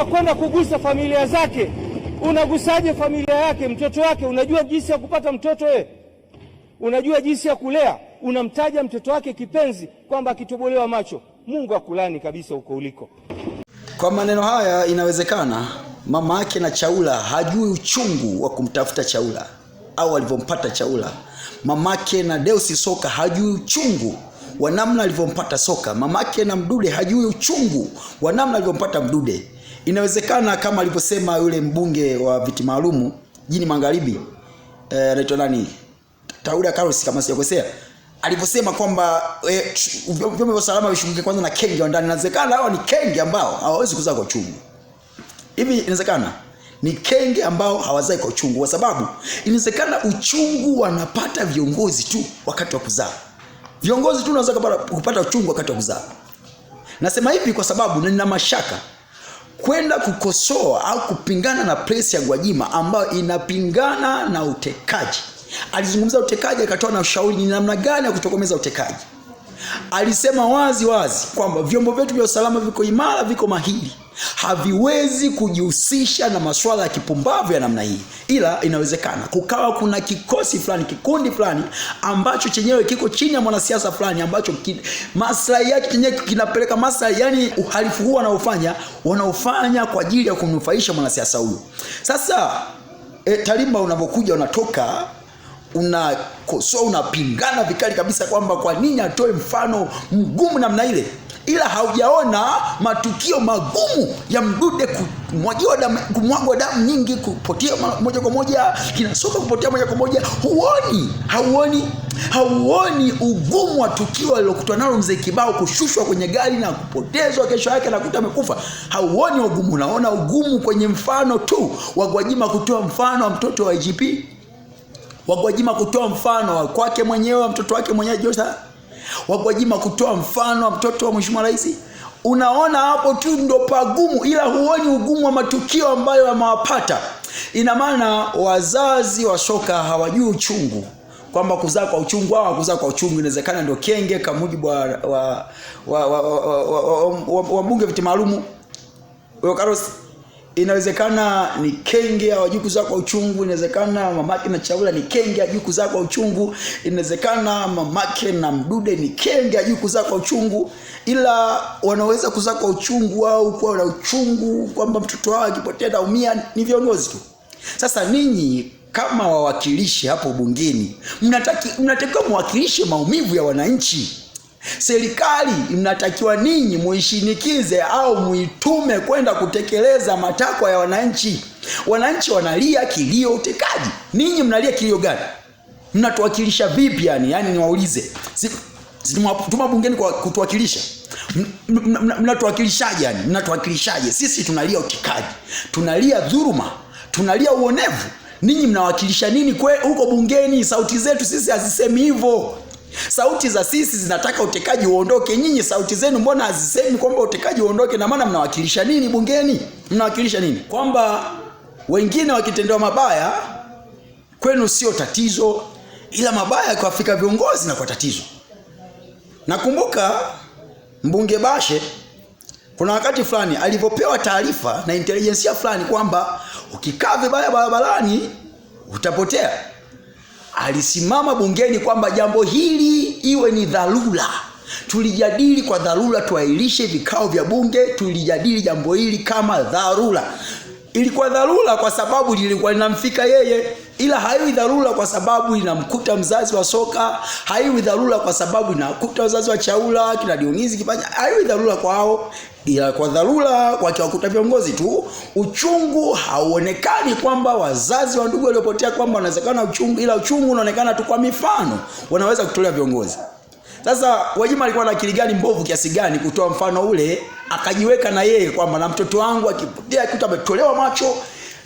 unakwenda kugusa familia zake, unagusaje familia yake, mtoto wake? Unajua jinsi ya kupata mtoto wewe? Unajua jinsi ya kulea? Unamtaja mtoto wake kipenzi kwamba akitobolewa macho, Mungu akulani kabisa huko uliko. Kwa maneno haya, inawezekana mama yake na Chaula hajui uchungu wa kumtafuta Chaula au alivyompata Chaula. Mamake na Deusi Soka hajui uchungu wa namna alivyompata Soka. Mamake na Mdude hajui uchungu wa namna alivyompata Mdude. Inawezekana kama alivyosema yule mbunge wa viti maalumu jini magharibi eh, anaitwa e, nani Taura Carlos kama sijakosea, alivyosema kwamba eh, vyombo vya usalama vishughulike kwanza na kenge wa ndani. Inawezekana hao ni kenge ambao hawawezi kuzaa kwa uchungu. Hivi inawezekana ni kenge ambao hawazai kwa uchungu, kwa sababu inawezekana uchungu wanapata viongozi tu wakati wa kuzaa. Viongozi tu wanaweza kupata uchungu wakati wa kuzaa. Nasema hivi kwa sababu na nina mashaka kwenda kukosoa au kupingana na presi ya Gwajima ambayo inapingana na utekaji. Alizungumza utekaji, akatoa na ushauri ni namna gani ya kutokomeza utekaji. Alisema wazi wazi kwamba vyombo vyetu vya usalama viko imara, viko mahiri, haviwezi kujihusisha na masuala ya kipumbavu ya namna hii, ila inawezekana kukawa kuna kikosi fulani, kikundi fulani ambacho chenyewe kiko chini ya mwanasiasa fulani, ambacho maslahi yake chenyewe kinapeleka maslahi, yani uhalifu huu wanaofanya wanaofanya kwa ajili ya kumnufaisha mwanasiasa huyo. Sasa e, eh, Talimba unapokuja unatoka unakosoa, unapingana vikali kabisa kwamba kwa nini atoe mfano mgumu namna ile, ila haujaona matukio magumu ya Mdude kumwagiwa damu, kumwagwa damu nyingi, kupotea moja kwa moja, kinasoka kupotea moja kwa moja. Huoni, hauoni, hauoni ugumu wa tukio alilokutwa nalo mzee Kibao, kushushwa kwenye gari na kupotezwa, kesho yake nakuta amekufa. Hauoni ugumu, unaona ugumu kwenye mfano tu wa Gwajima kutoa mfano wa mtoto wa IGP wagwajima kutoa mfano wa kwake mwenyewe wa mtoto wake mwenyewe Josa. wa kutoa mfano wa mtoto wa mheshimiwa rais. Unaona hapo tu ndo pagumu, ila huoni ugumu wa matukio ambayo yamewapata. Ina maana wazazi wa shoka hawajui uchungu kwamba kuzaa kwa uchungu au kuzaa kwa uchungu inawezekana ndio kenge, kwa mujibu wa wa wa wa, wa, wa, wa, wa, wa, wa, wa wa wa wa wa wa inawezekana ni kenge hawajuku zako kwa uchungu, inawezekana mamake na chaula ni kenge juku zako kwa uchungu, inawezekana mamake na mdude ni kenge juku zako kwa uchungu, ila wanaweza kuzaa kwa uchungu au kuwa na uchungu kwamba mtoto wao akipotea naumia. Ni viongozi tu. Sasa ninyi kama wawakilishi hapo bungeni, mnataki mnatakiwa mwakilishe maumivu ya wananchi. Serikali mnatakiwa ninyi muishinikize au muitume kwenda kutekeleza matakwa ya wananchi. Wananchi wanalia kilio utekaji, ninyi mnalia kilio gani? Mnatuwakilisha vipi? Yani, yani niwaulize, tumewatuma bungeni kwa kutuwakilisha mnatuwakilishaje? Yani mnatuwakilishaje? Sisi tunalia utekaji, tunalia dhuluma, tunalia uonevu. Ninyi mnawakilisha nini kwe huko bungeni? Sauti zetu sisi hazisemi hivyo. Sauti za sisi zinataka utekaji uondoke. Nyinyi sauti zenu mbona hazisemi kwamba utekaji uondoke? Na maana mnawakilisha nini bungeni? Mnawakilisha nini? Kwamba wengine wakitendewa mabaya kwenu sio tatizo, ila mabaya yakiwafika viongozi na kwa tatizo. Nakumbuka mbunge Bashe kuna wakati fulani alivyopewa taarifa na intelijensia fulani kwamba ukikaa vibaya barabarani utapotea alisimama bungeni kwamba jambo hili iwe ni dharura tulijadili kwa dharura, tuahirishe vikao vya bunge, tulijadili jambo hili kama dharura. Ilikuwa dharura kwa sababu lilikuwa linamfika yeye, ila haiwi dharura kwa sababu inamkuta mzazi wa soka, haiwi dharura kwa sababu inakuta wazazi wa chaula kina Dionizi Kipanya, haiwi dharura kwao, ila kwa dharura wakiwakuta viongozi tu, uchungu hauonekani kwamba wazazi wa ndugu waliopotea kwamba wanawezekana uchungu, ila uchungu unaonekana tu kwa mifano wanaweza kutolea viongozi. Sasa Gwajima alikuwa na akili gani mbovu kiasi gani kutoa mfano ule, akajiweka na yeye kwamba na mtoto wangu akipotea kitu ametolewa macho.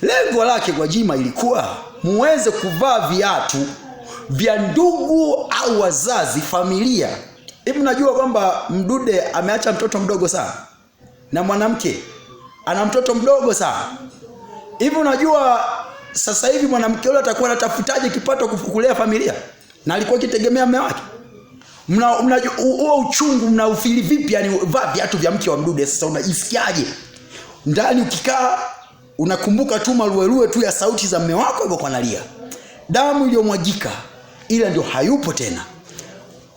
Lengo lake Gwajima ilikuwa muweze kuvaa viatu vya ndugu au wazazi familia. Hivi najua kwamba Mdude ameacha mtoto mdogo sana na mwanamke, ana mtoto mdogo sana hivi. Unajua sasa hivi mwanamke yule atakuwa anatafutaje kipato kufukulea familia, na alikuwa akitegemea mume wake. Mna, mna huo uchungu ufili vipi? Yani vaa viatu vya mke wa mdude. Sasa unajisikiaje ndani ukikaa? Unakumbuka tu maruerue tu ya sauti za mume wako alivyokuwa analia, damu iliyomwagika ile, ndio hayupo tena.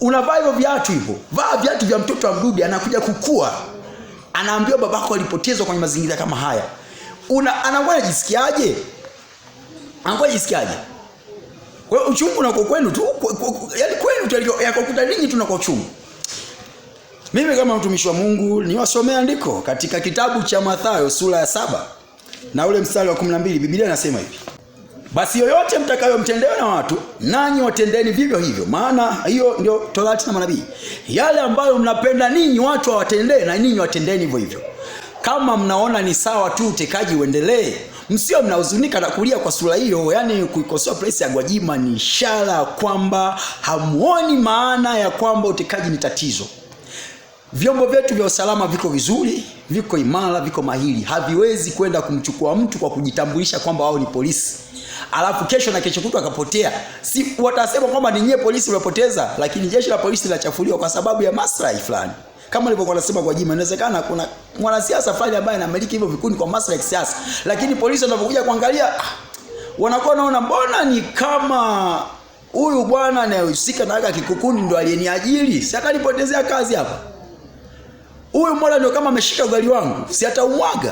Unavaa hivyo viatu hivyo, vaa viatu vya mtoto wa mdude, anakuja kukua anaambiwa babako alipotezwa kwenye mazingira kama haya, una anakuwa anajisikiaje? Anakuwa anajisikiaje? Kwa hiyo uchungu kwa kwenu tu, yaani kwenu tu yakokuta ninyi kwa uchungu. Mimi kama mtumishi wa Mungu niwasomea andiko katika kitabu cha Mathayo sura ya saba na ule mstari wa 12 Biblia inasema hivi basi yoyote mtakayomtendewa na watu, nanyi watendeni vivyo hivyo, maana hiyo ndio torati na manabii. Yale ambayo mnapenda ninyi watu awatendee na ninyi watendeni hivyo hivyo. Kama mnaona ni sawa tu utekaji uendelee, msio mnahuzunika na kulia kwa sura hiyo. Yani, kuikosoa place ya Gwajima ni ishara kwamba hamuoni maana ya kwamba utekaji ni tatizo. Vyombo vyetu vya usalama viko vizuri, viko imara, viko mahiri, haviwezi kwenda kumchukua mtu kwa kujitambulisha kwamba wao ni polisi alafu kesho na kesho kutu akapotea, si watasema kwamba ni nyie polisi mmepoteza, lakini jeshi la polisi linachafuliwa kwa sababu ya maslahi fulani kama alivyokuwa nasema kwa jima, inawezekana kuna mwanasiasa fulani ambaye anamiliki hivyo vikundi kwa maslahi ya kisiasa, lakini polisi wanapokuja kuangalia, ah, wanakuwa naona mbona ni kama huyu bwana anayehusika na haka kikukundi ndo aliyeniajiri, si atanipotezea kazi hapa? Huyu mbona ndio kama ameshika ugali wangu, si ataumwaga?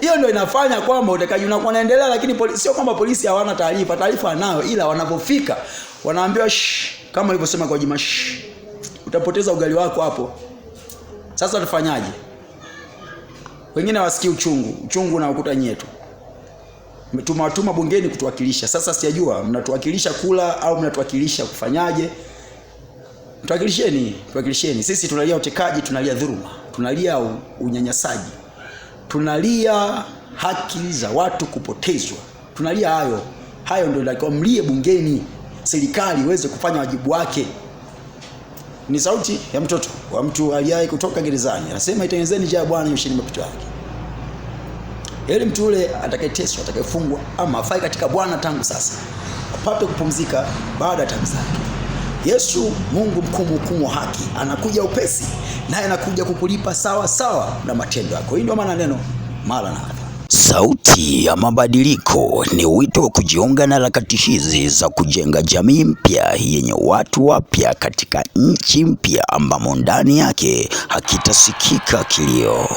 Hiyo ndio inafanya kwamba utekaji unakuwa unaendelea, lakini poli, sio kwamba polisi hawana taarifa, taarifa anayo, ila wanapofika wanaambiwa kama alivyosema kwa jima Juma, utapoteza ugali wako hapo. Sasa utafanyaje? Wengine hawasikii uchungu, uchungu unaokuta nyetu tumewatuma bungeni kutuwakilisha. Sasa sijajua mnatuwakilisha kula au mnatuwakilisha kufanyaje? Tuwakilisheni, tuwakilisheni. Sisi tunalia utekaji, tunalia dhuruma tunalia unyanyasaji tunalia haki za watu kupotezwa, tunalia hayo hayo, ndio ndio mlie bungeni, serikali iweze kufanya wajibu wake. Ni sauti ya mtoto wa mtu aliyaye kutoka gerezani, anasema itengenezeni njia ya Bwana, nyosheni mapito yake. Heri mtu yule atakayeteswa, atakayefungwa ama afai katika Bwana tangu sasa, apate kupumzika baada ya tabu zake. Yesu Mungu mkuu, mhukumu wa haki, anakuja upesi, naye anakuja kukulipa sawa sawa na matendo yako. Hii ndio maana neno mara hapa. Sauti ya Mabadiliko ni wito wa kujiunga na harakati hizi za kujenga jamii mpya yenye watu wapya katika nchi mpya ambamo ndani yake hakitasikika kilio.